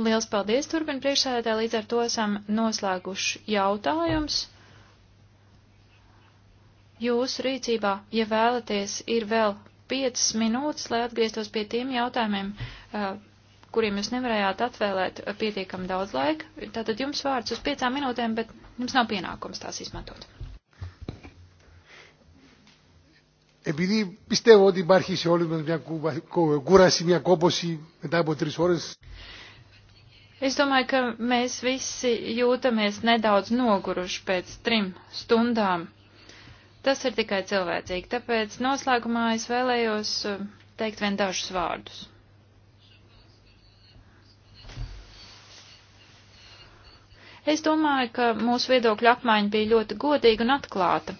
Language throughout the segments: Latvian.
Liels paldies, turpin priekšsēdētāji, līdz ar to esam noslēguši jautājums. Jūsu rīcībā, ja vēlaties, ir vēl 5 minūtes, lai atgrieztos pie tiem jautājumiem, eh, kuriem jūs nevarējāt atvēlēt eh, pietiekam daudz laika. Tātad jums vārds uz 5 minūtēm, bet jums nav pienākums tās izmantot. Επειδή πιστεύω ότι υπάρχει σε όλους μας μια κούραση, μια κόπωση μετά από τρεις ώρες. Es domāju, ka mēs visi jūtamies nedaudz noguruši pēc trim stundām. Tas ir tikai cilvēcīgi, tāpēc noslēgumā es vēlējos eh, teikt vien dažus vārdus. Es domāju, ka mūsu viedokļu apmaiņa bija ļoti godīga un atklāta.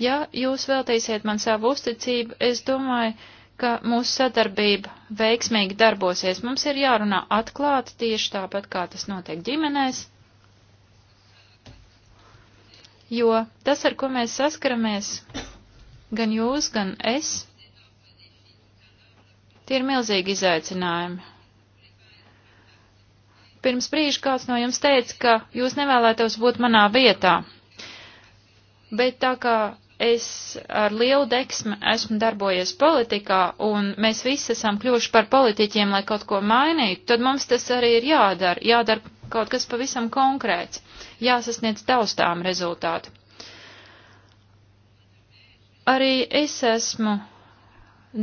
Ja jūs veltīsiet man savu uzticību, es domāju, ka mūsu sadarbība veiksmīgi darbosies. Mums ir jārunā atklāti tieši tāpat, kā tas notiek ģimenēs, jo tas, ar ko mēs saskaramies, gan jūs, gan es, tie ir milzīgi izaicinājumi. Pirms brīža kāds no jums teica, ka jūs nevēlētos būt manā vietā, bet tā kā es ar lielu deksmu esmu darbojies politikā, un mēs visi esam kļuvuši par politiķiem, lai kaut ko mainītu, tad mums tas arī ir jādara, jādara kaut kas pavisam konkrēts, jāsasniedz taustām rezultātu. Arī es esmu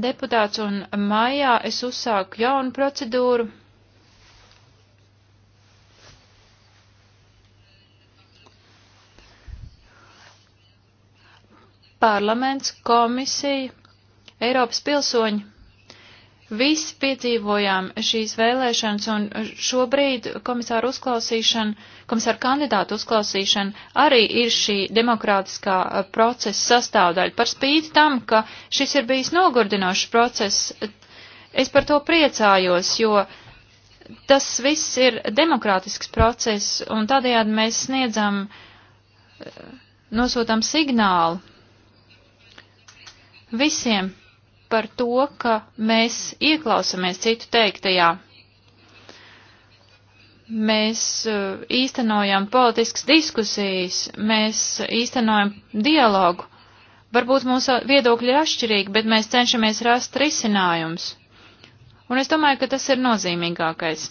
deputāts, un maijā es uzsāku jaunu procedūru parlaments, komisija, Eiropas pilsoņi. Visi piedzīvojām šīs vēlēšanas un šobrīd komisāru uzklausīšana, komisāru kandidātu uzklausīšana arī ir šī demokrātiskā uh, procesa sastāvdaļa. Par spīti tam, ka šis ir bijis nogurdinošs process, es par to priecājos, jo tas viss ir demokrātisks process un tādējādi mēs sniedzam, uh, nosūtam signālu visiem par to, ka mēs ieklausamies citu teiktajā. Mēs uh, īstenojam politiskas diskusijas, mēs īstenojam dialogu. Varbūt mūsu viedokļi ir atšķirīgi, bet mēs cenšamies rast risinājumus. Un es domāju, ka tas ir nozīmīgākais.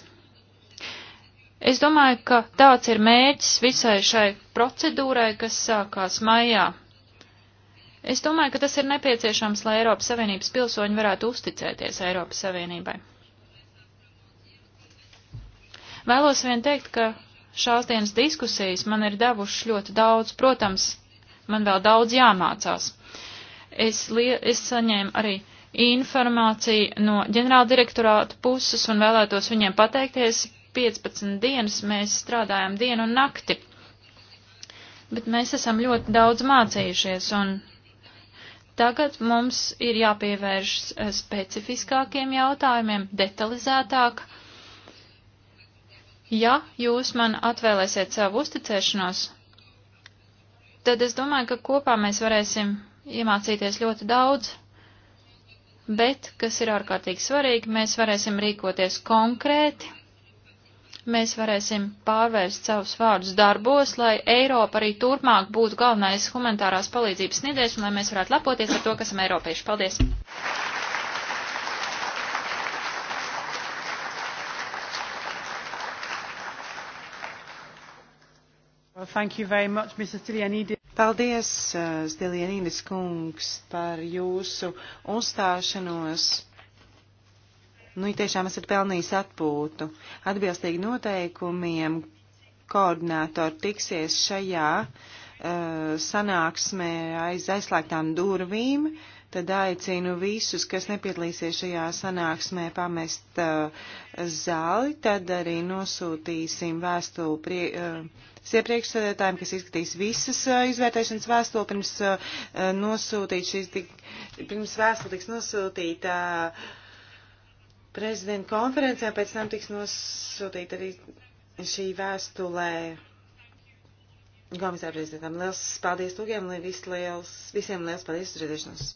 Es domāju, ka tāds ir mērķis visai šai procedūrai, kas sākās maijā Es domāju, ka tas ir nepieciešams, lai Eiropas Savienības pilsoņi varētu uzticēties Eiropas Savienībai. Vēlos vien teikt, ka šās dienas diskusijas man ir devušas ļoti daudz, protams, man vēl daudz jāmācās. Es, es saņēmu arī informāciju no ģenerāldirektorāta puses un vēlētos viņiem pateikties. 15 dienas mēs strādājam dienu un nakti bet mēs esam ļoti daudz mācījušies, un Tagad mums ir jāpievēršas eh, specifiskākiem jautājumiem, detalizētāk. Ja jūs man atvēlēsiet savu uzticēšanos, tad es domāju, ka kopā mēs varēsim iemācīties ļoti daudz, bet, kas ir ārkārtīgi svarīgi, mēs varēsim rīkoties konkrēti mēs varēsim pārvērst savus vārdus darbos, lai Eiropa arī turpmāk būtu galvenais humanitārās palīdzības sniedzējs un lai mēs varētu lepoties ar to, kas esam eiropieši. Paldies! Thank you very much, Mrs. Trianidis. Paldies, uh, Stilienīdis kungs, par jūsu uzstāšanos. Nu, ja tiešām esat pelnījis atpūtu. Atbilstīgi noteikumiem koordinātori tiksies šajā uh, sanāksmē aiz aizslēgtām durvīm. Tad aicinu visus, kas nepiedalīsies šajā sanāksmē, pamest uh, zāli. Tad arī nosūtīsim vēstuli prie, uh, iepriekšsēdētājiem, kas izskatīs visas uh, izvērtēšanas vēstuli pirms uh, uh nosūtīt šīs, tik, pirms vēstuli tiks nosūtīta. Uh, Prezidenta konferencē pēc tam tiks nosūtīta arī šī vēstulē komisāra prezidentam. Liels paldies tūkiem, liels, liels, visiem liels paldies uz redzēšanos!